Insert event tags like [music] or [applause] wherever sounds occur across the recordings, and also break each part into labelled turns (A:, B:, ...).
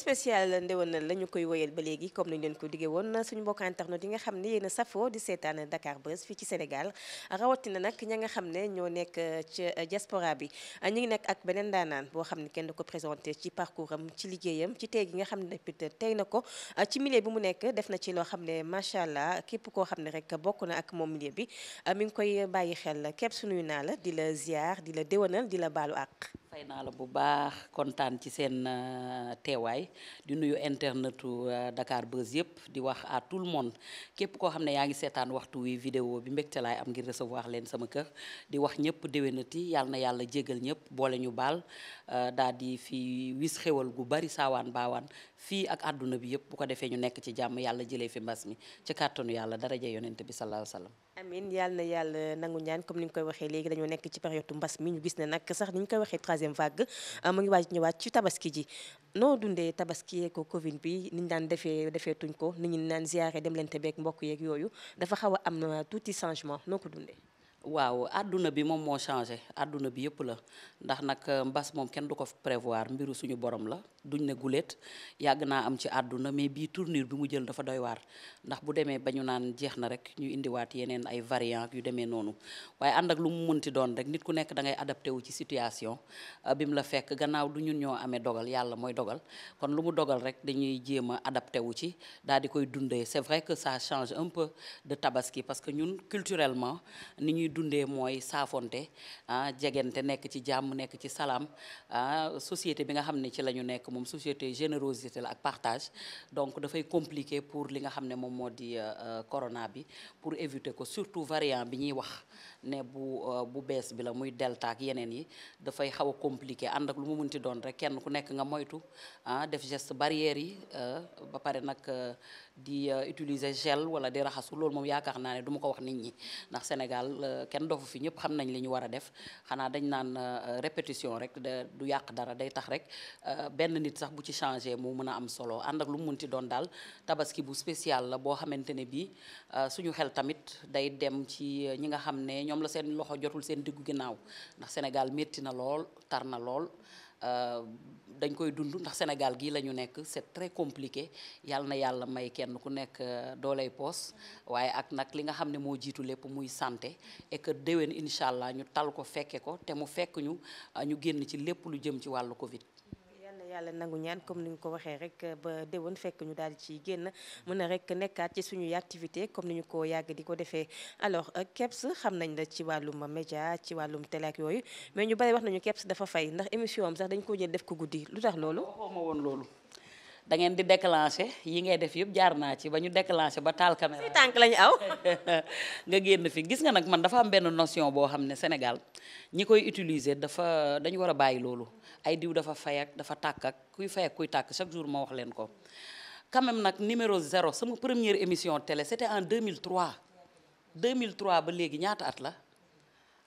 A: spécial ndewenal la ñu koy woyal ba léegi comme nañ leen ko diggee woon suñu mbokk internet yi nga xam ne yéen a safoo di seetaan Dakar Buzz fii ci Sénégal rawatina nag ña nga xam ne ñoo nekk ci diaspora bi ñu ngi nekk ak beneen daanaan boo xam ne kenn du ko présenté ci parcours am ci liggéeyam ci tey gi nga xam ne tey na ko ci milieu bi mu nekk def na ci loo xam ne macha allah képp koo xam ne rek bokk na ak moom milieu bi mi ngi koy bàyyi xel képp suñuy naa la di la ziar di la déwanal di la baalu àq.
B: fay naa la bu baax kontaan ci seen euh, teewaay di nuyu internetu euh, Dakar Buzz yëpp di wax à tout le monde képp koo xam ne yaa ngi seetaan waxtu wi vidéo bi mbégte laay am ngir recevoir leen sama kër di wax ñëpp déwénati yàlla na yàlla jégal ñëpp boole ñu baal euh, daal di fi wis xéwal gu bari saawaan baawaan fii ak àdduna bi yëpp bu ko defee ñu nekk ci jàmm yàlla jëlee fi mbas mi ci kàttanu yàlla daraja yonent bi sallallahu alayhi
A: amin yàlla na yàlla nangu ñaan comme ni nga koy waxee léegi dañoo nekk ci période mbas mi ñu gis ne nag sax ni ñu koy waxee troisième vague ah, mu ngi waaj ñëwaat ci tabaski ji noo dundee tabaski yee ko covid bi ni ñu daan defee defee tuñ ko ni ñu naan ziyaare dem leen beeg mbokk yeeg yooyu dafa xaw a am tuuti changement noo ko
B: dundee waaw àdduna bi moom moo changé àdduna bi yëpp la ndax nag euh, mbas moom kenn du ko prévoir mbiru suñu borom la duñ ne guléet yàgg naa am ci àdduna mais bii tournure bi mu jël dafa doy waar ndax bu demee ba ñu naan jeex na rek ñu indiwaat yeneen ay variant yu demee noonu waaye ànd ak lu mu munti doon rek nit ku nekk da ngay adapté wu ci situation euh, bi mu la fekk gannaaw du ñun ñoo amee dogal yàlla mooy dogal kon lu mu dogal rek dañuy jéem a wu ci un dundee mooy saafonte ah jegente nekk ci jàmm nekk ci salaam ah société bi nga xam ne ci la ñu nekk moom société générosité la ak partage donc dafay compliqué pour li nga xam ne moom moo di euh, euh, corona bi pour éviter ko surtout variant bi ñuy wax ne bu euh, bu bees bi la muy delta ak yeneen yi dafay xaw a compliqué ànd ak lu mu mun ti doon rek kenn ku nekk nga moytu ah def geste barrière yi euh, ba pare nag euh, di utiliser gel wala di raxasu loolu moom yaakaar naa ne du ma ko wax nit ñi ndax Sénégal kenn dofu fi ñëpp xam nañ li ñu war a def xanaa dañ naan répétition rek du yàq dara day tax rek benn nit sax bu ci changé mu mën a am solo ànd ak lu mu munti doon daal tabaski bu spécial la boo xamante ne bii suñu tamit ñoom la seen loxo jotul seen diggu ginnaaw ndax Sénégal métti na lool tar na lool euh, dañ koy dund ndax Sénégal gii la ñu nekk c'est très compliqué yàlla na yàlla may kenn ku nekk euh, dooley poos waaye ak nag li nga xam ne moo jiitu lépp muy santé et que déwén incha allah ñu tal ko fekke ko te mu fekk ñu euh, ñu génn ci lépp lu jëm ci wàllu Covid.
A: yàlla nangu ñaan comme ni ñu ko waxee rek ba déwén fekk ñu daal di ciy génn mën a rek nekkaat ci suñuy activité comme ni ñu ko yàgg di ko defee alors euh, keps xam nañ la ci wàllum média ci wàllum télé ak yooyu mais ñu bari wax nañu keps dafa fay ndax émission am sax dañ ko jël def ko guddi lu tax loolu
B: da ngeen di déclencher yi ngay def yëpp jaar naa ci ba ñu déclencher ba taal caméra. si tànk lañu aw. [laughs] nga génn fi gis nga nag man dafa am benn notion boo xam ne Sénégal ñi koy utiliser dafa dañu war a bàyyi loolu ay diw dafa fay ak dafa tàkk ak kuy fay ak kuy tàkk chaque jour ma wax leen ko. quand même nag numéro zéro sama première émission télé c'était en 2003 2003 ba léegi ñaata at la.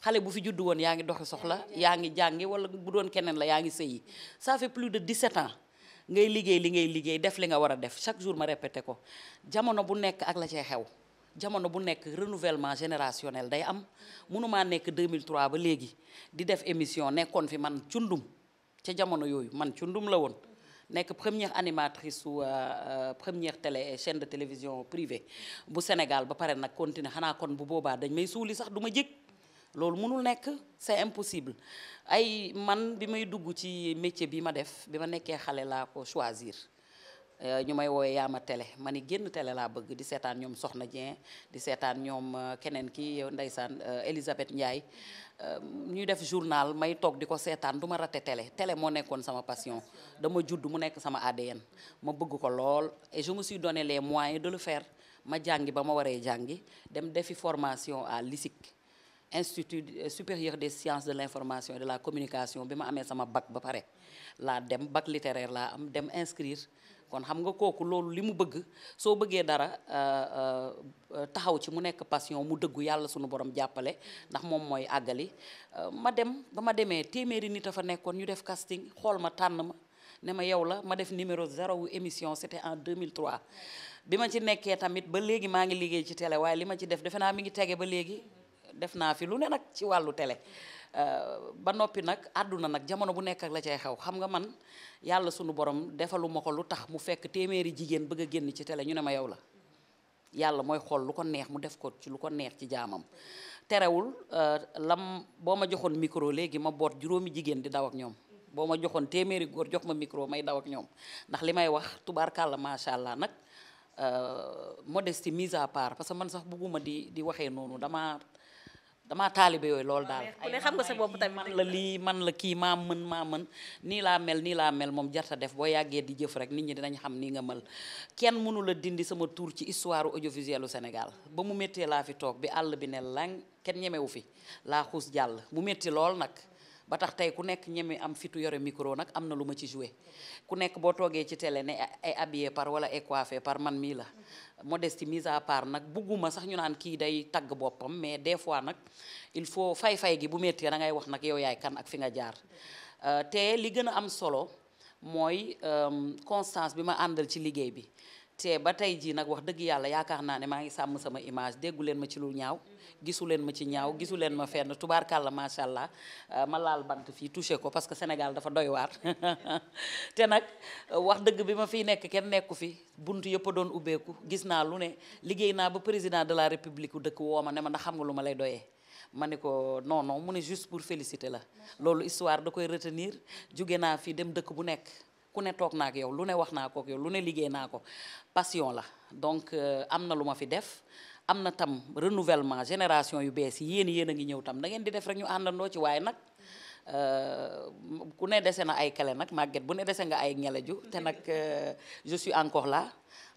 B: xale bu fi juddu woon yaa ngi doxi soxla yaa ngi jàngi wala bu doon keneen la yaa ngi sëyi ça fait plus de 17 ngay liggéey li ngay liggéey def li nga war a def chaque jour ma répété ko jamono bu nekk ak la cee xew jamono bu nekk renouvellement générationnel day am mënumaa nekk 2003 ba léegi di def émission nekkoon fi man cundum ca jamono yooyu man cundum la woon nekk première animatrice su euh, euh, première télé chaine de télévision privée bu Sénégal ba pare nag continuer xanaa kon bu boobaa dañ may suuli sax du ma jég loolu mënul nekk c'est impossible ay man bi may dugg ci métier bi ma def bi ma nekkee xale laa ko choisir euh, ñu may woowee yaa ma télé ma ni génn télé laa bëgg di seetaan ñoom Soxna Dieng di seetaan ñoom euh, keneen ki ndeysaan euh, Elisabeth Ndiaye ñuy def journal may toog di ko seetaan du ma rate télé télé moo nekkoon sama passion dama judd mu nekk sama ADN ma bëgg ko lool et je me suis donné les moyens de le faire ma jàngi ba ma waree jàngi dem defi formation à l'ISIC institut euh, supérieur de sciences de l'information et de la communication bi ma amee sama bag ba pare laa dem bac littéraire laa am dem inscrire kon xam nga kooku loolu li mu bëgg soo bëggee dara euh, euh, taxaw ci mu nekk passion mu dëggu yàlla sunu borom jàppale ndax moom mooy àggali ma dem ba ma demee téeméeri nit a fa nekkoon ñu def casting xool ma tànn ma ne ma yow la ma def numéro zéro wu émission c'était en 2003 bi ma ci nekkee tamit ba léegi maa ngi liggéey ci télé waaye li ma ci def defe naa mi ngi tege ba léegi def naa fi lu ne nag ci wàllu télé euh, ba noppi nag àdduna nag jamono bu nekk ak la cay xew xam nga man yàlla sunu borom defaluma ma ko lu tax mu fekk téeméeri jigéen bëgg a génn ci télé ñu ne ma yow la yàlla mooy xool lu ko neex mu def ko ci lu ko neex ci jaamam terewul euh, lam boo ma joxoon micro léegi ma boot juróomi jigéen di daw ñoom boo ma joxoon téeméeri góor jox ma micro may daw ñoom ndax li may wax tubaarkàlla macha allah nag euh, modestie mise à part parce que man sax bëgguma di di waxee noonu damaa damaa taalibe yooyu loolu daal ah, ku ne xam nga sa bopp tamit la lii man la kii maam mën maa mën nii laa mel nii laa mel moom jarta def boo yàggee di jëf rek nit ñi dinañ xam nii nga mel kenn mënu la dindi sama tur ci histoire audiovisuel u Sénégal ba mu méttee laa fi toog bi àll bi ne lang kenn ñemewu fi laa xuus jàll mu métti lool nag ba tax tey ku nekk ñeme am fitu yore micro nag am na lu ma ci joué ku nekk boo toogee ci télé ne ay habillé par wala ay coiffé par man mii la modestie mise à part nag bugguma sax ñu naan kii day tagg boppam mais des fois nag il faut fay-fay gi bu métti da ngay wax nag yow yaay kan ak fi nga jaar euh, te li gën a am solo mooy euh, constance bi ma àndal ci liggéey bi te ba tey jii nag wax dëgg yàlla yaakaar naa ne maa ngi sàmm sama image déggu leen ma ci lu ñaaw gisu leen ma ci ñaaw gisu leen ma fenn tubaarkàlla macha allah euh, ma laal bant fii touché ko parce que Sénégal dafa doy waar [laughs] te nag euh, wax dëgg bi ma fi nekk kenn nekku fi bunt yëpp doon ubbeeku gis naa lu ne liggéey naa ba président de la république dëkk woo ma ne ma ndax xam nga lu ma lay doyee ma ne ko non non mu ne juste pour féliciter la loolu histoire bu nekk ku ne toog naa ak yow lu ne wax naa kook yow lu ne liggéey naa ko passion la donc euh, am na lu ma fi def am na tam renouvellement génération yu bees yéen yéen a ngi ñëw tam da ngeen di def rek ñu àndandoo ci waaye nag euh, ku ne dese na ay kale nag màgget bu ne dese nga ay ñeleju te nag euh, je suis encore la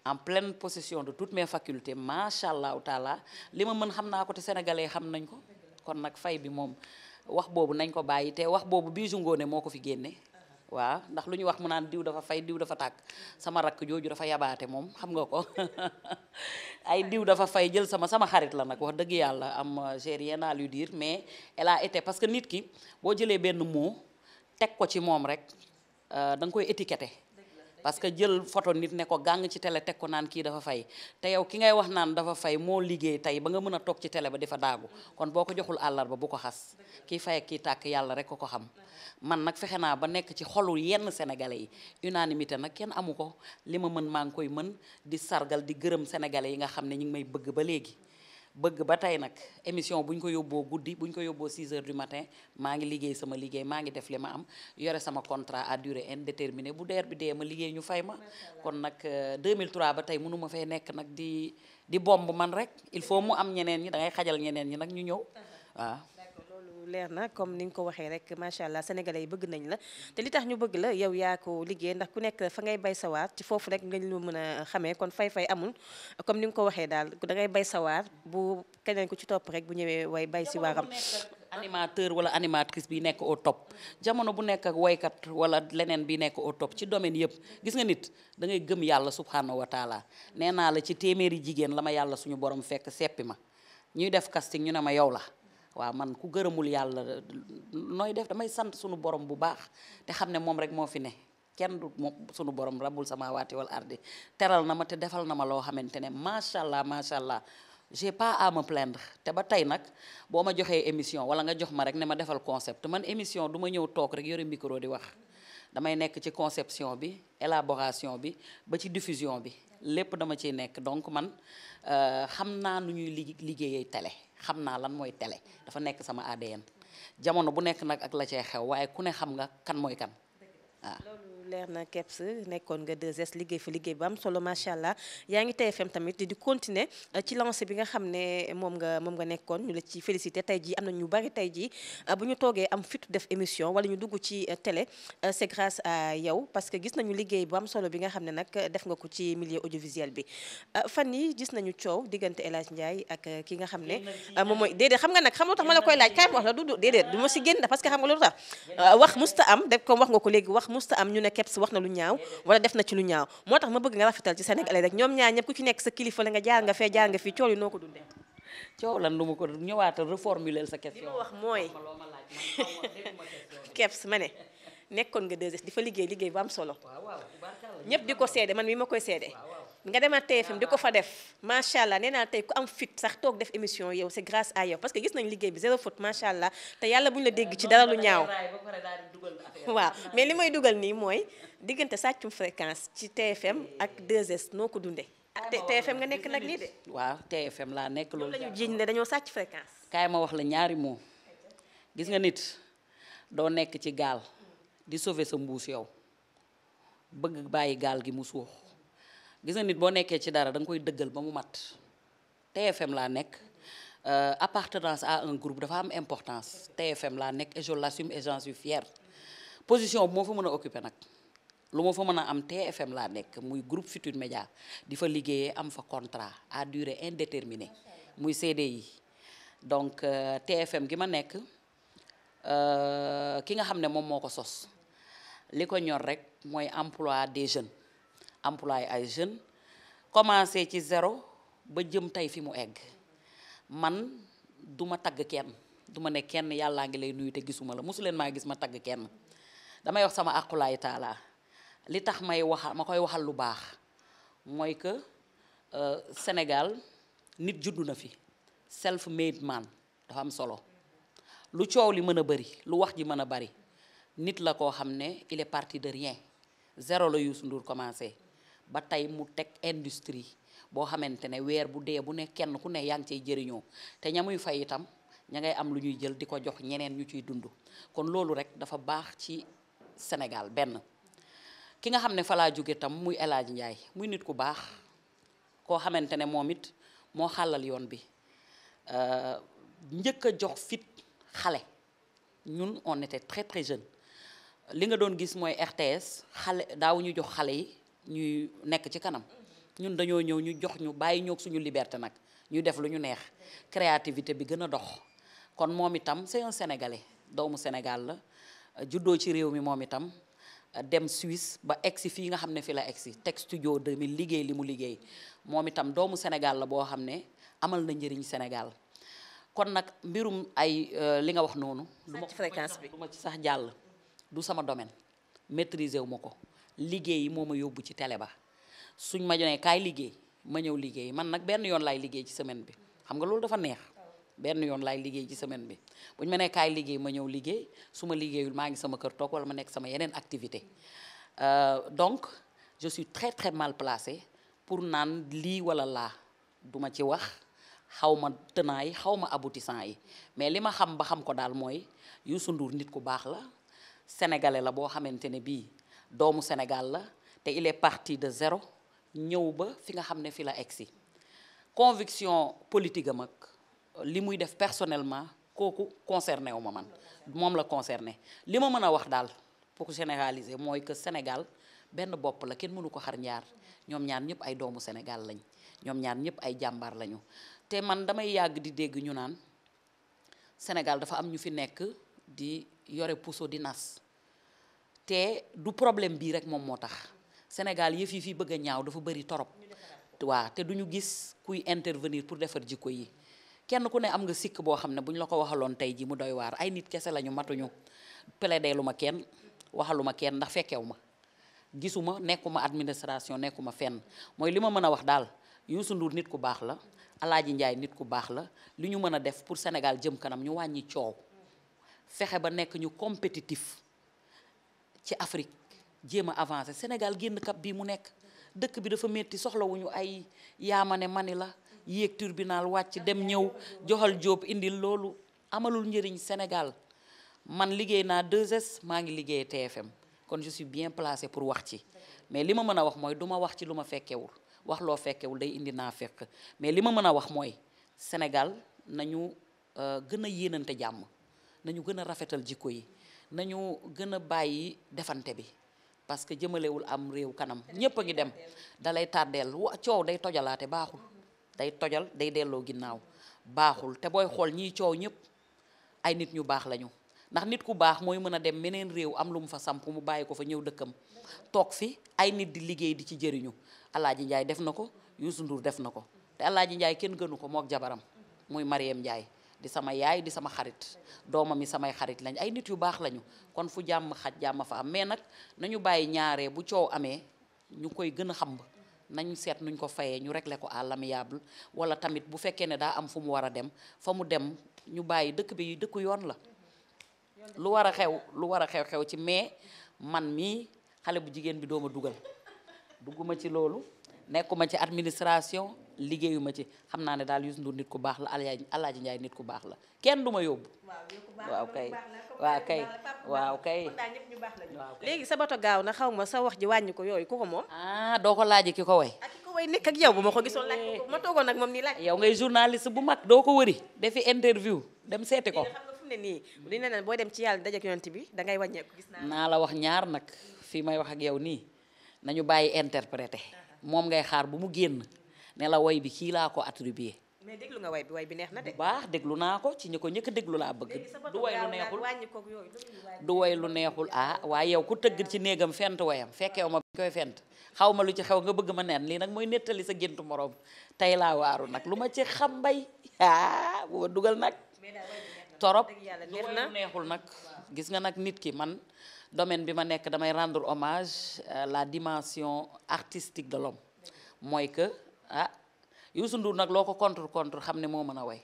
B: en pleine possession de toutes mes facultés macha allahu taala li ma mën xam naa ko te sénégalais xam nañ ko kon nag fay bi moom wax boobu nañ ko bàyyi te wax boobu bii jungoone moo ko fi génne waaw ndax lu ñu wax mu naan diw dafa fay diw dafa tàkk sama rakk jooju dafa yabaate moom xam nga ko [laughs] ay diw dafa fay jël sama sama xarit la nag wax dëgg yàlla am j'ai rien à lui mais elle a été parce que nit ki boo jëlee benn mot teg ko ci moom rek euh, da nga koy étiqueté parce que jël photo nit ne ko gàng ci télé teg ko naan kii dafa fay te yow ki ngay wax naan dafa fay moo liggéey tey ba nga mën a toog ci télé ba di fa daagu kon boo ko joxul àllarba bu ko xas kii fay ak kii tàkk yàlla rek ko ko xam man nag fexe naa ba nekk ci xolu yenn sénégalais yi unanimité nag kenn amu ko li ma mën maa ngi koy mën di sargal di gërëm sénégalais yi nga xam ne ñu ngi may bëgg ba léegi bëgg ba tey nag émission bu ñu ko yóbboo guddi bu ñu ko yóbboo 6 heures du matin maa ngi liggéey sama liggéey maa ngi def li ma am yore sama contrat à durée indéterminée bu deer bi dee ma liggéey ñu fay ma kon nag 2003 euh, ba tey mënu fee nekk nag di di bomb man rek il faut mu am ñeneen ñi da ngay xajal ñeneen ñi nag ñu ñëw waaw leer na comme ni nga ko waxee
A: rek macha allah sénégalais yi bëgg nañ la te li tax ñu bëgg la yow yaa ko liggéey ndax ku nekk fa ngay bay sawaar ci foofu rek nga ñu mën a xamee kon fay-fay amul comme ni nga ko waxee daal da bay sawaar bu
B: keneen ku ci topp rek bu ñëwee way bay si animateur wala animatrice bi nekk au top jamono bu nekk ak woykat wala leneen bi nekk au top ci domaine yëpp gis nga nit da ngay gëm yàlla subhanahu wa taala nee naa la ci téeméeri jigéen la ma yàlla suñu borom fekk seppi ma ñuy def casting ñu ne ma yow la waaw man ku gërëmul yàlla nooy def damay sant sunu borom bu baax te xam ne moom rek moo fi ne kenn du moom sunu borom rabul sama waati wal ardi teral na ma te defal na ma loo xamante ne macha allah macha allah j'ai pas à me te ba tey nag boo ma joxee émission wala nga jox ma rek ne ma defal concept man émission du ñëw toog rek yore micro di wax damay nekk ci conception bi élaboration bi ba ci diffusion bi lépp dama ciy nekk donc man euh, xam naa nu ñuy liggéeyee tele xam naa lan mooy tele dafa nekk sama ADN jamono bu nekk nag ak la cee xew waaye ku ne xam nga kan mooy kan
A: waaw leer na keps nekkoon nga 2S liggéey fa liggéey bu am solo macha allah yaa ngi TFM tamit di continuer euh, ci lancé bi nga xam ne moom nga moom nga nekkoon ñu la ci félicité tey jii am na ñu bari tey jii euh, bu ñu toogee am fitu def émission wala ñu dugg ci euh, télé c'est grâce à yow parce gis nañu liggéey bu am solo bi nga xam ne nag def nga ko ci milieu audiovisuel bi fan yi gis nañu coow diggante El Hadj Ndiaye ak ki nga xam ne moom mooy déedéet xam nga nag xam nga tax ma la koy laaj kaay ma wax la du déedéet du ma si génn parce que xam nga loolu tax wax musta am def comme wax nga ko léegi wax musta am ñu ne keps wax na lu ñaaw wala def na ci lu ñaaw moo tax ma bëgg nga rafetal ci sénégalais rek ñoom ñaar ñëpp ku ci nekk sa kilifa la nga jaar nga fee jaar nga fii coow yi noo ma ko ñëwaatal reformuler sa ma wax mooy keps ma ne nekkoon nga 2 di fa liggéey liggéey baam am solo ñëpp di ko seede man mi ma koy seede nga demaat TFM di ko fa def macha allah nee naa tey ku am fit sax toog def émission yow c'est grâce à yow parce que gis nañ liggéey bi zéro faute macha allah te yàlla buñ la dégg ci dara lu ñaaw.
B: waaw mais li may
A: dugal nii mooy diggante sàccum fréquence ci TFM ak 2S noo ko dundee. TFM
B: nga nekk nag nii de. waaw TFM laa nekk loolu. lañu jiiñ ne dañoo sàcc fréquence. kaay ma wax la ñaari moom gis nga nit doo nekk ci gaal di sauver sa mbuus yow bëgg bàyyi gaal gi mu gis na nit boo nekkee ci dara da nga koy dëggal ba mu mat TFM laa nekk euh, appartenance à un groupe dafa am importance TFM laa nekk et je l'assume et j'en suis fière position bu moo fa mën a occuper nag lu ma fa mën a am TFM laa nekk muy groupe Futurs Médias di fa liggéeyee am fa contrat à dure indéterminée muy CDI donc euh, TFM gi ma nekk euh, ki nga xam ne moom moo ko sos li ko ñor rek mooy emploi des jeunes employé ay jeunes commencé ci zéro ba jëm tey fi mu egg man duma tagg kenn du ma ne kenn yàllaa ngi lay nuyu te gisuma la mosu maa gis ma tagg kenn damay wax sama àqulaay taala li tax may waxal ma koy waxal lu baax mooy que euh, Sénégal nit juddu na fi self made man dafa am solo lu coow li mën a bari lu wax ji mën a bari nit la koo xam ne il est parti de rien zéro la Youssou Ndour commencé ba tey mu teg industrie boo xamante ne weer bu dee bu ne kenn ku ne yaa ngi cey jëriñoo te ñamuy fay itam ña ngay am lu ñuy jël di ko jox ñeneen ñu ciy dund kon loolu rek dafa baax ci Sénégal benn ki nga xam ne falaa jóge tam muy El Hadj Ndiaye muy nit ku baax koo xamante ne moom it moo xàllal yoon bi njëkk a jox fit xale ñun on était très très jeune li nga doon gis mooy RTS xale daaw jox xale yi ñuy nekk ci kanam ñun dañoo ñëw ñu jox ñu bàyyi ñoog suñu liberté nag ñu def lu ñu neex créativité bi gën a dox kon moom itam c'est un doomu Sénégal la juddoo ci réew mi moom itam dem Suisse ba egsi fii nga xam ne fi la egsi teg studio 2000 liggéey li mu liggéey moom itam doomu Sénégal la boo xam ne amal na njëriñ Sénégal kon nag mbirum ay euh, li nga wax noonu. du ma bi du ci sax jàll du sama domaine maîtriser wu ma ko. liggéey moom ma yóbbu ci télé ba suñ ma jonee kaay liggéey ma ñëw liggéey man nag benn yoon laay liggéey ci semaine bi xam nga loolu dafa neex benn yoon laay liggéey ci semaine bi buñ ma nee kaay liggéey ma ñëw liggéey su ma liggéeyul maa ngi sama kër toog wala ma nekk sama yeneen activité euh, donc je suis très très mal placée pour naan lii wala laa duma ci wax xaw ma tenants yi xaw ma aboutissants yi mais li ma xam ba xam ko daal mooy Youssou Ndour nit ku baax la sénégalais la boo xamante ne bii doomu Sénégal la te il est parti de zéro ñëw ba fi nga xam ne fi la si conviction politique mag li muy def personnellement kooku concerné wu ma man moom la concerné li ma mën a wax daal pour généraliser mooy que Sénégal benn bopp la kenn mënu ko xar ñaar ñoom ñaar ñëpp ay doomu Sénégal lañ ñoom ñaar ñëpp ay jàmbaar lañu te man damay yàgg di dégg ñu naan Sénégal dafa am ñu fi nekk di yore puso di nas te du problème bii rek moom moo tax Sénégal yëf yi fi bëgg a ñaaw dafa bëri torop waa te du ñu gis kuy intervenir pour defar jikko yi kenn ku ne am nga sikk boo xam ne bu ñu la ko waxaloon tey ji mu doy waar ay nit kese la ñu matuñu plaider lu ma kenn waxaluma kenn ndax fekkewu ma gisuma nekkuma administration nekkuma fenn mooy li ma mën a wax daal Youssou Ndour nit ku baax la Alaaji Njaay nit ku baax la li ñu mën a def pour Sénégal jëm kanam ñu wàññi coow fexe ba ci Afrique jéem a avancé Sénégal génn cap bii mu nekk dëkk bi dafa métti soxlawuñu ay yaama ne mani la yéeg tribunal wàcc dem ñëw joxal jóob indil loolu amalul njëriñ Sénégal man liggéey naa deux s maa ngi liggéey TFM kon je bien placé pour wax ci mais li ma mën a wax mooy duma wax ci lu ma fekkewul waxloo loo fekkewul day indi naa fekk mais li ma mën a wax mooy Sénégal nañu euh, gën a yéenante jàmm nañu gën a rafetal jikko yi nañu gën a bàyyi defante bi parce que jëmalewul am réew kanam ñépp a ngi dem dalay lay tardeel wa coow day tojalaate baaxul day tojal day delloo ginnaaw baaxul te booy xool ñiy coow ñépp ay nit ñu baax lañu ndax nit ku baax mooy mën a dem meneen réew am lu mu fa samp mu bàyyi ko fa ñëw dëkkam toog fi ay nit di liggéey di ci jëriñu Alaaji Njaay def na ko Youssou Ndour def na ko te Alaaji Njaay kenn gënu ko mook jabaram muy mariyem Njaay di sama yaay di sama xarit doomam yi samay xarit lañ ay nit yu baax lañu kon fu jàmm xaj jàmm fa am mais nag nañu bàyyi ñaaree bu coow amee ñu koy gën a xam nañ seet nuñ ko fayee ñu régler ko à l'amiable wala tamit bu fekkee ne daa am fu mu war a dem fa mu dem ñu bàyyi dëkk bi dëkk yoon la lu war xew lu war a xew-xew ci mais man mii xale bu jigéen bi dooma dugal dugguma ci loolu nekkuma ci administration liggéeyuma ci xam naa ne daal Youssou Ndour nit ku baax la Alaaji Njaay nit ku baax la kenn du ma yóbbu waaw kay waaw kay waaw kay léegi sa bato gaaw na xaw ma sa wax ji wàññi ko yooyu ku ko moom ah, doo ko laaj ki ko way ah, way nekk ak yow bu ma ko gisoon laaj ko ma toogoon nag moom nii laaj yow ngay journaliste bu ma doo ko wëri defi interview dem seeti ko xam nga fu ne nii li ne naan boo dem ci yàlla dajak yonent bi da ngay wàññeeku gis naa naa la wax ñaar nag fii may wax ak yow nii nañu bàyyi interprété moom ngay xaar bu mu génn ne la bi kii laa ko attribué.
A: mais nga way bi way
B: bi neex na bu baax déglu naa ko ci ñi ko ñëkk déglu laa bëgg. du way lu neexul du woy lu neexul ah waaye yow ku tëgg ci néegam fent woyam fekkew ma koy fent xaw ma lu ci xew nga bëgg ma neen lii nag mooy nettali sa gént moroom tey laa waaru nag lu ma ci xam mbay [laughs] ah dugal nag. torop du way lu neexul nag. gis nga nag nit ki man domaine bi ma nekk damay rendre hommage euh, la dimension artistique de mooy que. ah Youssou Ndour nag loo ko contre contre xam ne moo mën a way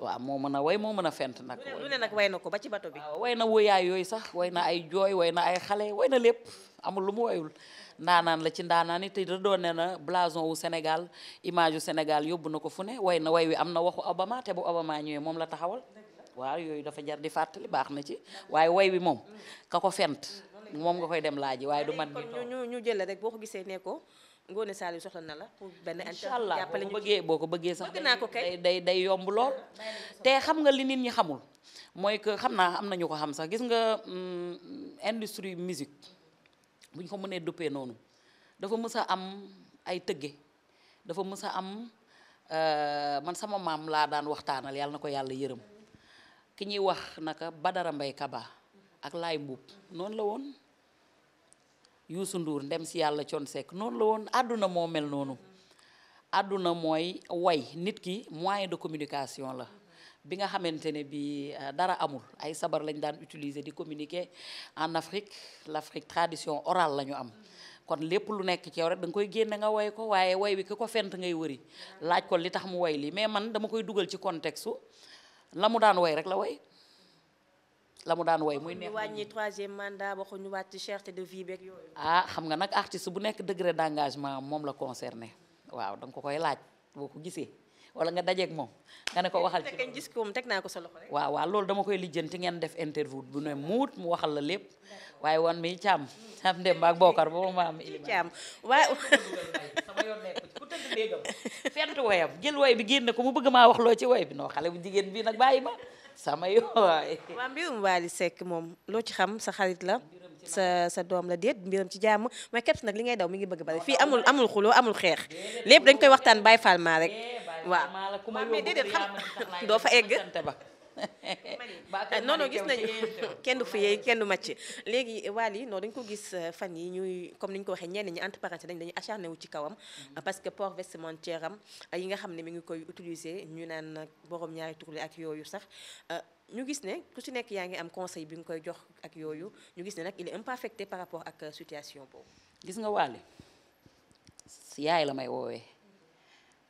B: waaw moo mën a way moo mën a fent nag lu
A: nag way na ko ba ci bato bi
B: way na woyaay yooyu sax way na ay jooy way na ay xale way na lépp amul lu mu wayul ndaanaan la ci ndaanaan yi te redoone na blason wu Sénégal image wu Sénégal yóbbu na ko fu ne way na way wi am na waxu Obama te bu Obama ñëwee moom la taxawal waaw yooyu dafa jar di fàttali baax na ci waaye way wi moom ka ko fent moom nga koy dem laaj waaye du man ñu ñu jël rek boo ko gisee
A: ne Ngoné Saliou soxla na la pour benn incha allah jàppale ñu
B: boo ko bëggee sax bëgg naa ko kay day day yomb lool te xam nga li nit ñi xamul mooy que xam naa am nañu ko xam sax gis nga mm, industrie musique bu ñu ko mënee duppee noonu dafa mës a am ay tëgge dafa mës a am euh, man sama maam laa daan waxtaanal yàlla na ko yàlla yërëm ki ñuy wax naka Badara Mbaye Kaba ak Laay Mbuub noonu la woon Youssou nduur ndem si yàlla Thione Seck noonu la woon àdduna moo mel noonu àdduna mooy woy nit ki moyen de communication la bi nga xamante ne bi euh, dara amul ay sabar lañ daan utiliser di communiquer en Afrique l'Afrique tradition orale la ñu am kon lépp lu nekk ci yow rek da nga koy génne nga woy ko waaye woy wi ki ko fent ngay wëri laaj ko li tax mu woy lii mais man dama koy dugal ci contexte la mu daan woy rek la woy la mu daan woy muy neex wàññi
A: troisième mandat waxuñu wàcc cherté de vie beeg yooyu
B: ah xam nga nag artiste bu nekk degré d'engagement moom la concerné waaw danga ko koy laaj boo ko gisee wala nga dajeeg moom nga ne ko waxal ci
A: gis ko moom naa ko sa loxo
B: loolu dama koy lijjanti ngeen def interview bu ne muut mu waxal la lépp waaye wan mi càmm am dem ak bokkar boobu ma am càmm waaye sama yoon nekk ku tëdd néegam woyam génn ko mu bëgg maa wax loo ci woy bi noo xale bu jigéen bii nag bàyyi ma sama yooy waa mbirum Wally Seck
A: moom loo ci xam sa xarit la sa sa doom la déet mbiram ci jàmm mais Kebs nag li ngay daw mi ngi bëgg bari fii amul amul xuloo amul xeex lépp dañ koy waxtaan bàyyi faal maa rek eh, waaw mais déedéet xam [laughs] doo fa egg Eh, non non gis nañu [laughs] kenn du fuyee kenn du màcc léegi yi non dañ ko gis euh, fan yi ñuy comme ni ñu ko waxee ñenn ñi entre parenthèses dañ dañuy acharné wu ci kawam mm-hmm. parce que port vestimentaire am euh, yi nga xam ne mu ngi koy utiliser ñu naan euh, borom ñaari turle ak yooyu sax ñu gis ne ku si nekk yaa ngi am conseil bi nga koy jox ak yooyu ñu gis ne nag il est un peu par rapport ak situation boobu
B: gis nga Wally yaay la may woowee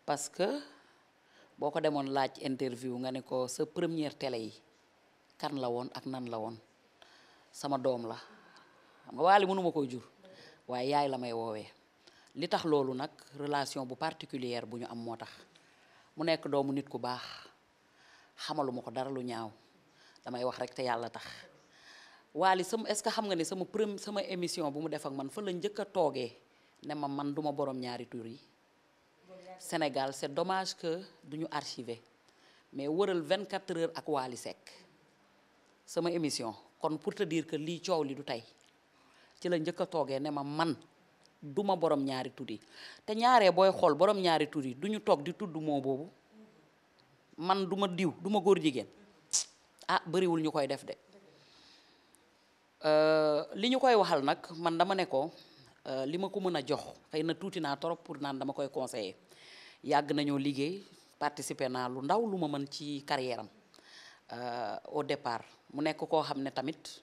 B: parce que boo ko demoon laaj interview nga ne ko sa première télé yi kan la woon ak nan la woon sama doom la xam nga waali mënuma koy jur waaye yaay la may woowee li tax loolu nag relation bu particulière bu ñu am moo tax mu nekk doomu nit ku baax xamaluma ko dara lu ñaaw damay wax rek te yàlla tax waali sama est-ce que xam nga ne sama premier sama émission bu mu def ak man fa la njëkk a toogee ne ma man duma borom ñaari tur yi Sénégal c'est dommage que ñu archiver mais waral wëral 24 heures ak waali Seck sama émission kon pour te dire que lii coow li du tey ci la njëkk a toogee ne ma man duma borom ñaari tur te ñaaree booy xool borom ñaari tur yi du ñu toog di tudd moo boobu man duma diw duma góor jigéen ah bëriwul ñu koy def de euh, li ñu koy waxal nag man dama ne ko euh, li ma ko mën a jox xëy na tuuti naa trop pour naan dama koy conseiller yàgg nañoo liggéey participer naa lu ndaw lu ma mën ci carrière am euh, au départ mu nekk koo xam ne tamit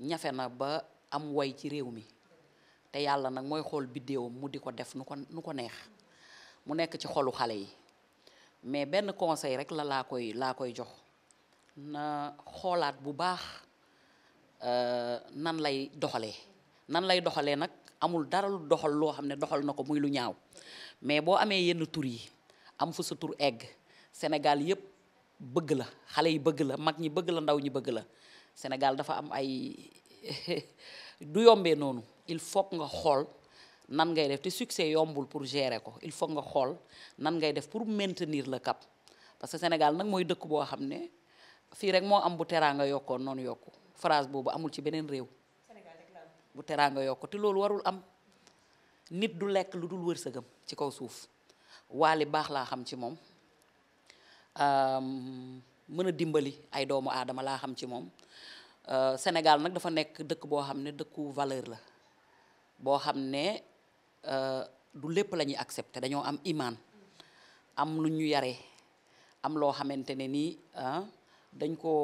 B: ñafe na ba am woy ci réew mi te yàlla nag mooy xool biddéewam mu di ko def nu ko nu ko neex mu nekk ci xolu xale yi mais benn conseil rek la laa koy laa koy jox na xoolaat bu baax euh, nan lay doxalee nan lay doxalee nag amul dara lu doxal loo xam ne doxal na ko muy lu ñaaw mais boo amee yenn tur yi am fu sa tur egg Sénégal yëpp bëgg la xale yi bëgg la mag ñi bëgg la ndaw ñi bëgg la Sénégal dafa am ay [laughs] du yombee noonu il faut nga xool nan ngay def te succès yombul pour gérer ko il faut nga xool nan ngay def pour maintenir la cap parce que Sénégal nag mooy dëkk boo xam ne fii rek moo am bu teraanga yokkoon noonu yokku phrase boobu amul ci beneen réew bu teraanga yokk te loolu warul am nit du lekk lu dul wërsëgam ci kaw suuf waali baax laa xam ci moom mën a dimbali ay doomu aadama laa xam ci moom Sénégal nag dafa nekk dëkk boo xam ne dëkku valeur la boo xam ne du lépp lañuy ñuy accepté dañoo am imaan am lu ñu yare am loo xamante ne nii dañ koo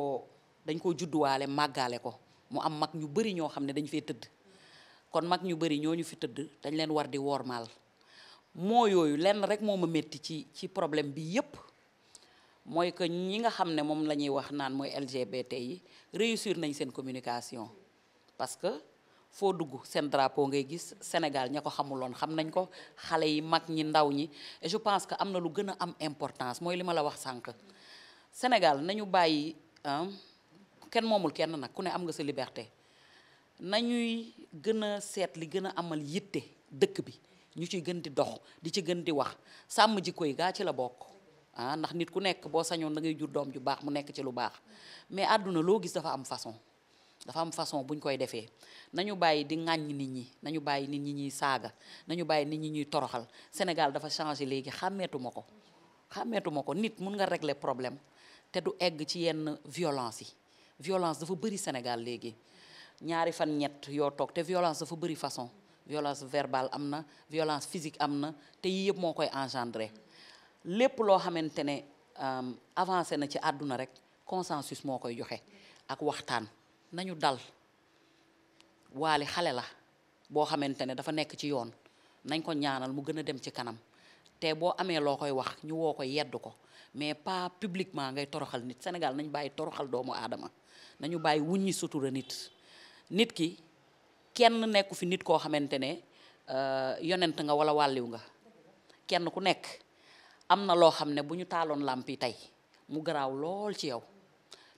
B: dañ koo judduwaale màggaale ko mu am mag ñu bari ñoo xam ne dañ fee tëdd kon mag ñu bëri ñoo ñu fi tëdd dañ leen war di wormaal moo yooyu lenn rek moo ma métti ci ci problème bi yëpp mooy que ñi nga xam ne moom la ñuy wax naan mooy LGBT yi réussir nañ seen communication parce que foo dugg seen drapeau ngay gis Sénégal ña ko xamuloon xam nañ ko xale yi mag ñi ndaw ñi et je pense que am na lu gën a am importance mooy li ma la wax sànq Sénégal nañu bàyyi kenn moomul kenn nag ku ne am nga sa liberté nañuy gën a seet li gën a amal yitte dëkk bi ñu ciy gën di dox di ci gën di wax sàmm jikko yi gaa ci la bokk ah ndax nit ku nekk boo sañoon da ngay jur doom ju baax mu nekk ci lu baax mais àdduna loo gis dafa am façon dafa am façon buñ koy defee nañu bàyyi di ŋàññ nit ñi nañu bàyyi nit ñi ñuy saaga nañu bàyyi nit ñi ñuy toroxal Sénégal dafa changé léegi xàmmeetuma ko xàmmeetuma ko nit mun nga régler problème te du egg ci yenn violence yi violence dafa bëri Sénégal léegi ñaari fan ñett yoo toog te violence dafa bëri façon violence verbale am na violence physique am na te yii yëpp moo koy engendrer lépp loo xamante ne euh, avancé na ci àdduna rek consensus moo koy joxe ak waxtaan nañu dal waali xale la boo xamante ne dafa nekk ci yoon nañ ko ñaanal mu gën a dem ci kanam te boo amee loo koy wax ñu woo ko yedd ko mais pas publiquement ngay toroxal nit Sénégal nañ bàyyi toroxal doomu aadama nañu bàyyi wuññi sutura nit nit ki kenn nekku fi nit koo xamante ne euh, yonent nga wala wàlliw nga kenn ku nekk am na loo xam ne bu ñu taaloon làmp yi tey mu garaaw lool ci yow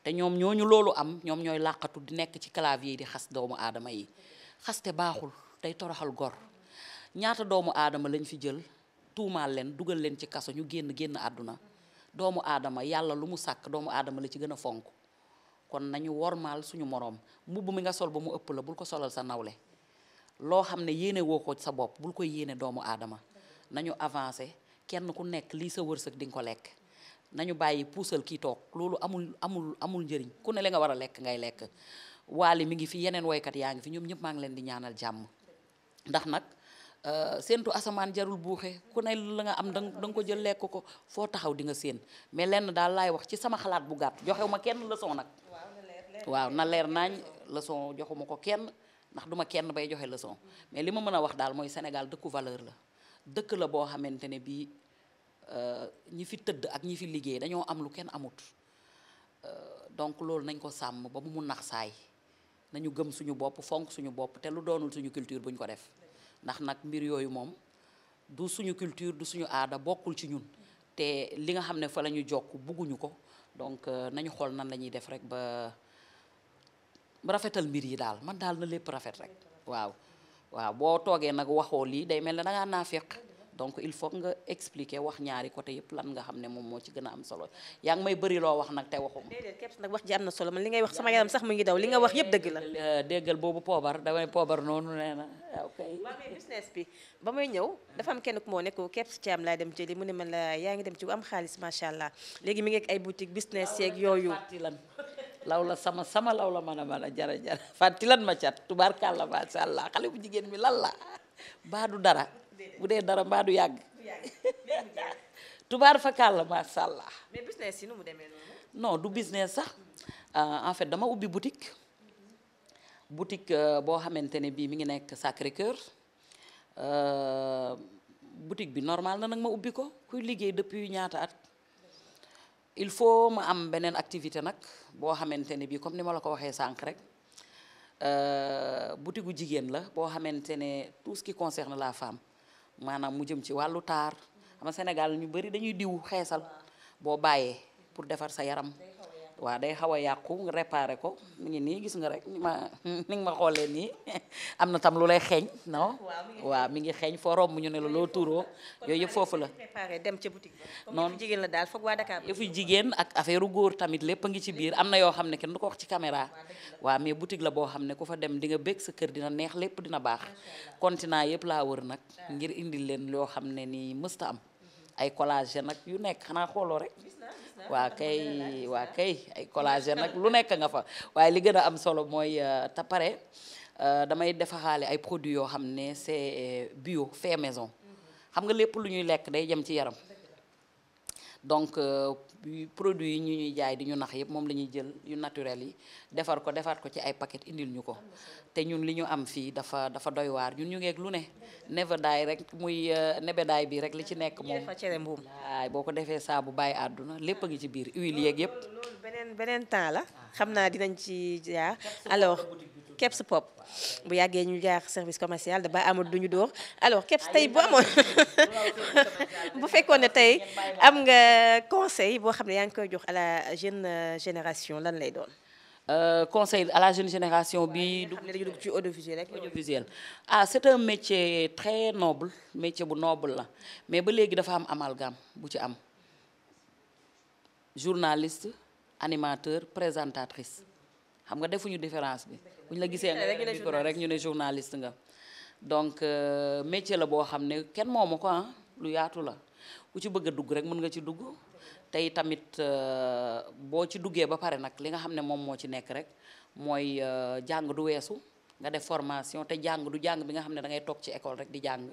B: te ñoom ñooñu loolu am ñoom ñooy làqatu di nekk ci clavier yi di xas doomu aadama yi xaste baaxul tey toroxal gor ñaata doomu aadama lañ fi jël tuumaal leen dugal leen ci kaso ñu génn génn àdduna doomu aadama yàlla lu mu sàkk doomu aadama la ci gën a fonk kon nañu wormaal suñu moroom mbubb mi nga sol ba mu ëpp la bul ko solal sa nawle loo xam ne yéene woo ko sa bopp bul koy yéene doomu aadama nañu avancé kenn ku nekk lii sa wërsëg di nga ko lekk nañu bàyyi puusal kii toog loolu amul amul amul njëriñ ku ne li nga war a lekk ngay lekk waali mi ngi fi yeneen woykat yaa ngi fi ñoom ñëpp maa ngi leen di ñaanal jàmm ndax nag euh, séentu asamaan jarul buuxe ku ne la nga am da nga ko jël lekk ko foo taxaw di nga séen mais lenn daal laay wax ci sama xalaat bu gàtt joxew ma kenn leçon nag waaw na leer naañ leçon joxuma ko kenn ndax duma kenn bay joxe leçon mais li ma mën a wax daal mooy Sénégal dëkku valeur la dëkk la boo xamante ne bii euh, ñi fi tëdd ak ñi fi liggéey dañoo am lu kenn amut euh, donc loolu nañ ko sàmm ba mu mun nax saay nañu gëm suñu bopp fonk suñu bopp te lu doonul suñu culture buñ ko def ndax nag mbir yooyu moom du suñu culture du suñu aada bokkul ci ñun te li nga xam ne fa la ñu jokk bugguñu ko donc euh, nañu xool nan la ñuy def rek ba rafetal mbir yi daal man daal na lépp rafet rek waaw waaw boo toogee nag waxoo lii day mel ne dangaa naafeq donc il faut nga expliquer wax ñaari côté yëpp lan nga xam ne moom moo ci gën a am solo yaa ngi may bëri loo wax nag te waxuma képp nag wax ji na solo man li ngay wax sama yaram sax mu ngi daw li nga wax yëpp dëgg la euh, déggal boobu poobar damay poobar noonu nee na
A: bi ba may ñëw dafa am kenn ku moo nekk képp ci am laay dem jëli mu ne ma la yaa ngi dem ci ku am xaalis macha allah
B: léegi mu ngi ak ay boutique business yeeg yooyu lan law la sama sama law la mën a mën a jara jara [laughs] fàtti lan ma cat tubaarkàlla macha allah xale bu jigéen bi lan la [laughs] mbaa du dara bu dee dara mbaa du yàgg
A: [laughs]
B: tubaar fa kàlla macha allah. demee noonu. non du business sax euh, en fait dama ubbi boutique boutique euh, boo xamante ne bii mi ngi nekk Sacré Cœur euh, boutique bi normal na nag ma ubbi ko kuy liggéey depuis ñaata at. il faut ma am beneen activité nag boo xamante ne bii comme ni ma la ko waxee sànq rek euh, boutique gu jigéen la boo xamante ne tout ce qui concerne la femme maanaam mu jëm ci wàllu taar xam nga Sénégal ñu bari dañuy diw xeesal boo bàyyee pour defar sa yaram waaw day xaw a yàqu nga réparé ko mi ngi nii gis nga rek ma [laughs] ni nga ma xoolee nii [laughs] am na tam lu lay xeeñ non waaw mi ngi xeeñ foo romb ñu ne la loo tuuroo yooyu yëpp foofu la dem ca boutique noonu jigéen la daal foog waa Dakar yëfu ak affaire góor tamit lépp a ngi ci biir am na yoo xam ne kenn du ko wax ci caméra waa mais boutique la boo xam ne ku fa dem di nga bëgg sa kër dina neex lépp dina baax continent yëpp laa wër nag ngir indil leen loo xam ne nii mësta am ay collagène nag yu nekk xanaa xooloo rek waa kay waa kay ay collagène nag lu nekk nga fa waaye li gën a am solo mooy euh, te pare euh, damay defaxaale ay produits yoo xam ne c'est euh, bio fait maison mm-hmm. xam nga lépp lu ñuy lekk day jëm ci yaram donc produits yi ñu ñuy jaay di ñu nax yëpp moom la jël yu naturel yi defar ko defaat ko ci ay paquet indil ñu ko te ñun li ñu am fii dafa dafa doy waar ñun ñu ngeeg lu ne nebedaay rek muy euh, nebedaay bi rek li ci nekk moom waay boo ko defee saa bu bàyyi àdduna lépp a ngi ci biir huile yeeg yëpp beneen temps la ah. xam naa dinañ ci jaar
A: alors Kebs Pop bu yàggee ñu jaar service commercial da ba amul duñu dóor alors Kebs tey bu amoon [laughs] bu fekkoon ne tey am nga conseil boo xam ne yaa ngi koy jox à la jeune génération lan lay doon. Euh, conseil à la jeune
B: génération bi. xam ne dañu dugg ci audiovisuel rek. audiovisuel ah c'est un métier très noble métier bu noble la mais ba léegi dafa am amalgame bu ci am journaliste animateur présentatrice. xam nga defuñu différence bi ñu la gisee nga micro rek ñu ne journaliste nga donc euh, métier la boo xam ne kenn moomu ko ah lu yaatu la ku ci bëgg a dugg rek mën nga ci dugg tey tamit euh, boo ci duggee ba pare nag li nga xam ne moom moo ci nekk rek mooy euh, jàng du weesu nga def formation te jàng du jàng bi nga xam ne dangay toog ci école rek di jàng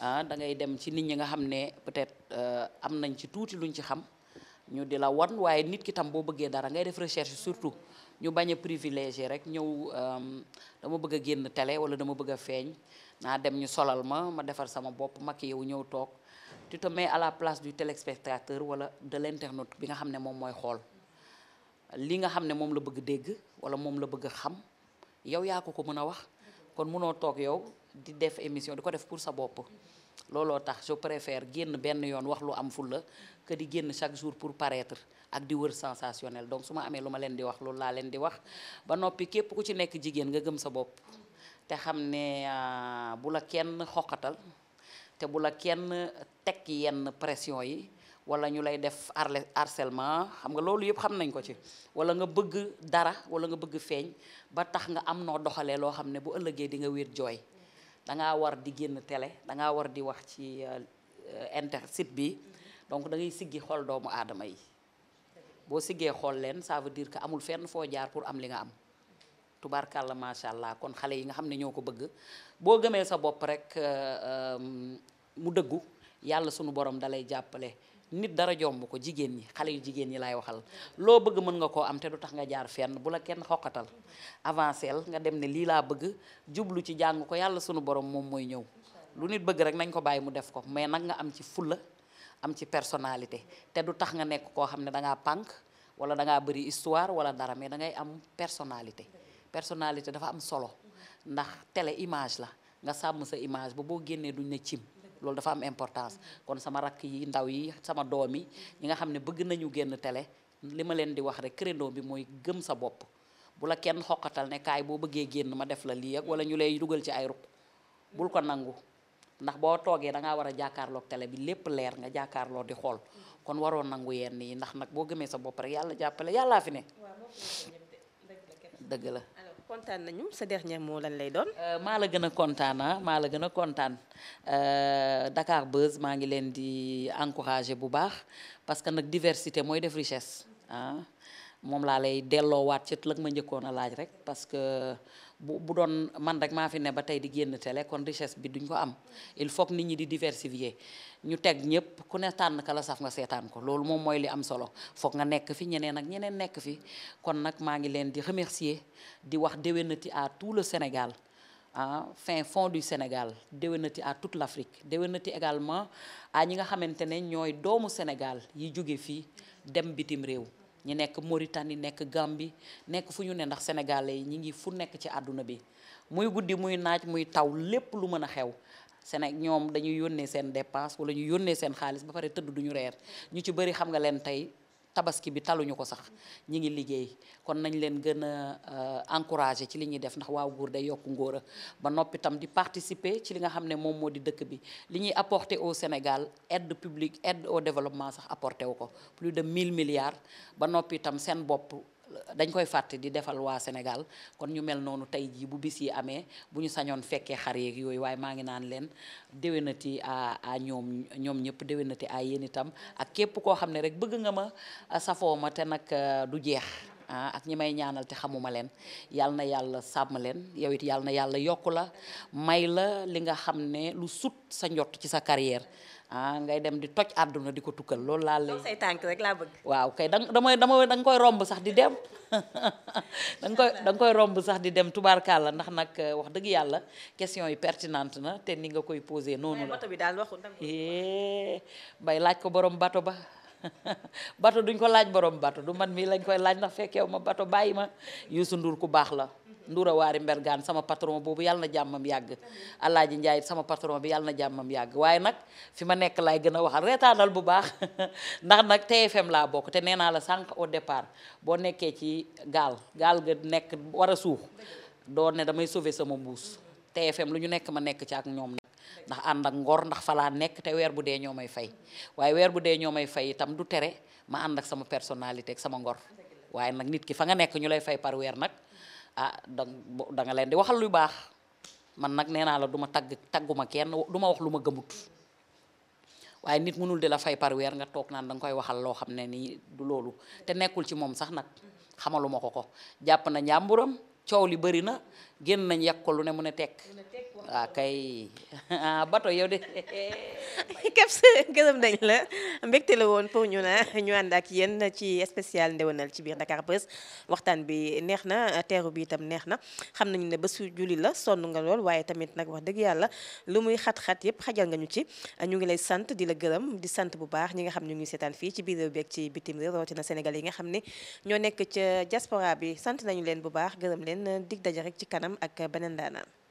B: ah da ngay dem ci nit ñi nga xam ne peut-être am nañ ci tuuti luñ ci xam ñu di la wan waaye nit ki tam boo bëggee dara ngay def recherche surtout ñu bañ a privilégié rek ñëw euh, dama bëgg a génn tele wala dama bëgg a feeñ naa dem ñu solal ma ma defar sama bopp mag yow ñëw toog tu te mets à la place du téléspectateur wala de l'internaute bi nga xam ne moom mooy xool li nga xam ne moom la bëgg dégg wala moom la bëgg xam yow yaa ko ko mën a wax kon mënoo toog yow di def émission di ko def pour sa bopp looloo tax je préfère génn benn yoon wax lu am fulla que di génn chaque jour pour paraître ak di wër sensationnel donc su ma amee lu ma leen di wax loolu laa leen di wax ba noppi képp ku ci nekk jigéen nga gëm sa bopp te xam ne euh, bu la kenn xoqatal te bu la kenn teg yenn pression yi wala ñu lay def harcèlement xam nga loolu yëpp xam nañ ko ci wala nga bëgg dara wala nga bëgg feeñ ba tax nga am noo doxalee loo xam ne bu ëllëgee di nga wér jooy dangaa war di génn télé dangaa war di wax ci euh, euh, inter site bi donc da siggi xool doomu aadama yi boo siggee xool leen ça veut dire que amul fenn foo jaar pour am li nga am tubaarkàlla macha allah kon xale yi nga xam ne ñoo ko bëgg boo gëmee sa bopp rek euh, mu dëggu yàlla sunu borom dalay jàppale nit dara jomb ko jigéen ñi xale yu jigéen ñi laay waxal loo bëgg mën nga koo am te du tax nga jaar fenn bu la kenn xoqatal avancé nga dem ne lii laa bëgg jublu ci jàng ko yàlla sunu borom moom mooy ñëw lu nit bëgg rek nañ ko bàyyi mu def ko mais nag nga am ci fulla am ci personnalité te du tax nga nekk koo xam ne dangaa pànk wala dangaa bëri histoire wala dara mais dangay am personnalité personnalité dafa am solo ndax tele image la nga sàmm sa image ba boo génnee duñ ne cim loolu dafa am importance kon sama rakk yi ndaw yi sama doom yi ñi nga xam ne bëgg nañu génn tele li ma leen di wax rek créneau bi mooy gëm sa bopp bu la kenn xoqatal ne kaay boo bëggee génn ma def la lii ak wala ñu lay dugal ci ay ruq bul ko nangu ndax boo toogee da ngaa war a jàkkaarlook télé bi lépp leer nga jàkkaarloo di xool kon waroon nangu yenn yi ndax nag boo gëmee sa bopp rek yàlla jàppale yàllaa fi ne dëgg la kontaan nañu sa dernier mot lan lay doon. maa la gën a kontaana maa la gën a kontaan ah, euh, Dakar Buzz maa ngi leen di encourager bu baax parce que nag diversité mooy def richesse ah. moom laa lay waat ci lëg ma njëkkoon a laaj rek parce que bu bu doon man rek maa fi ne ba tey di génn télé kon richesse bi duñ ko am il faut nit ñi di diversifier ñu teg ñëpp ku ne tànn ka la saf nga seetaan ko loolu moom mooy li am solo foog nga nekk fi ñeneen ak ñeneen nekk fi kon nag maa ngi leen di remercier di wax déwénati à tout le Sénégal ah, fin fond du Sénégal déwénati à toute l'Afrique déwénati également ah ñi nga xamante ne ñooy doomu Sénégal yi jóge fii dem bitim réew ñi nekk Mauritanie nekk Gambie nekk fu ñu ne ndax sénégalais yi ñi ngi fu nekk ci àdduna bi muy guddi muy naaj muy taw lépp lu mën a xew Séné ñoom dañuy yónnee seen depas wala ñu yónnee seen xaalis ba pare tëdd duñu reer ñu ci bëri xam nga leen tey tabaski bi taluñu ko sax ñi ngi liggéey kon nañ leen gën a euh, encouragé ci li ñuy def ndax waaw góor day yokk ngóora ba noppitam di participer ci li nga xam ne moom moo di dëkk bi li ñuy apporter au Sénégal aide publique aide au développement sax apporté wu ko plus de 1000 milliards ba noppi seen bopp dañ koy fàtte di defal waa Sénégal kon ñu mel noonu tey jii bu bis yi amee bu ñu sañoon fekkee xar yeeg yooyu waaye maa ngi naan leen déwénati à à ñoom ñoom ñëpp déwénati à yéen itam ak képp koo xam ne rek bëgg nga ma safoo ma te nag euh, du jeex ah, ak ñi may ñaanal te xamuma leen yal na yàlla sàmm leen yow it yal na yàlla yokku la may la li nga xam ne lu sut sa njot ci sa carrière ah ngay dem di toj àdduna di ko tukkal loolu laa lay. tànk rek laa bëgg. waaw kay da damay damay da koy romb sax di dem [laughs] da nga koy koy romb sax di dem tubaarkàlla ndax nag eh, wax dëgg yàlla question yi pertinente na te ni nga koy posé noonu la. bi daal waxul eh, bay laaj ko borom bato ba. [laughs] bato duñ ko laaj borom bato du man mii lañ koy laaj ndax fekkeew ma bato bàyyi ma Youssou Ndour ku baax la Ndoura Waari gaan sama patron boobu yàlla na jàmmam yàgg Alaaji Njaay sama patron bi yàlla na jàmmam yàgg waaye nag fi ma nekk laay gën a waxal reetaanal bu baax [laughs] ndax nag TFM laa bokk te nee naa la sànq au départ boo nekkee ci gaal gaal ga nekk war a suux doon ne damay sauver sama mbuus TFM lu ñu nekk ma nekk ci ak ñoom nag ndax ànd ak ngor ndax falaa nekk te weer bu dee ñoo may fay waaye weer bu dee ñoo may fay itam du tere ma ànd ak sama personnalité ak sama ngor waaye nag nit ki fa nga nekk nag ah da da nga leen di waxal lu baax man nag nee naa la duma tagg tagguma kenn du ma wax lu ma gëmut waaye nit mënul di la fay par weer nga toog naan da nga koy waxal loo xam ne nii du loolu te nekkul ci moom sax nag xamaluma ko ko jàpp na njàmburam coow li bëri na génn nañ yàq ko lu ne mu ne tekk waaw bato yow de. Kebs gërëm nañ la mbégte la woon pour ñu naa ñu ànd ak
A: yéen ci spécial ndewenal ci biir Dakar Buzz waxtaan bi neex na teeru bi itam neex na xam nañu ne bésu julli la sonn nga lool waaye tamit nag wax dëgg yàlla lu muy xat-xat yëpp xajal nga ñu ci ñu ngi lay sant di la gërëm di sant bu baax ñi nga xam ñu ngi seetaan fii ci biir réew ci bitim réew rawatina yi nga xam ne ñoo nekk ca diaspora bi sant nañu leen bu baax gërëm leen dig daje rek ci kanam ak beneen daanaan